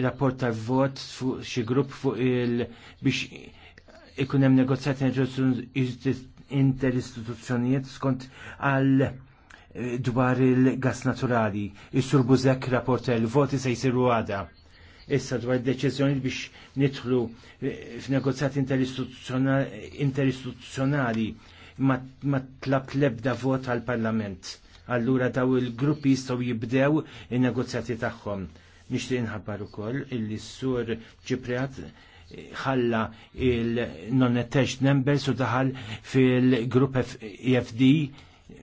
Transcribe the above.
rapport ta' vot fuq xi grupp fuq il biex ikun hemm negozjati interistituzzjonijiet skont għal eh, dwar il-gas naturali. Is-sur Buzek rapport il-voti se jsiru għada. Issa dwar deċiżjoni biex nidħlu eh, f'negozjati interistituzzjonali ma tlab lebda vot għal-Parlament. Allura daw il-gruppi jistgħu jibdew in-negozjati tagħhom. Nixtieq inħabbar ukoll illi s-sur Ġipriat ħalla il-non-attached members u daħal fil-grupp EFD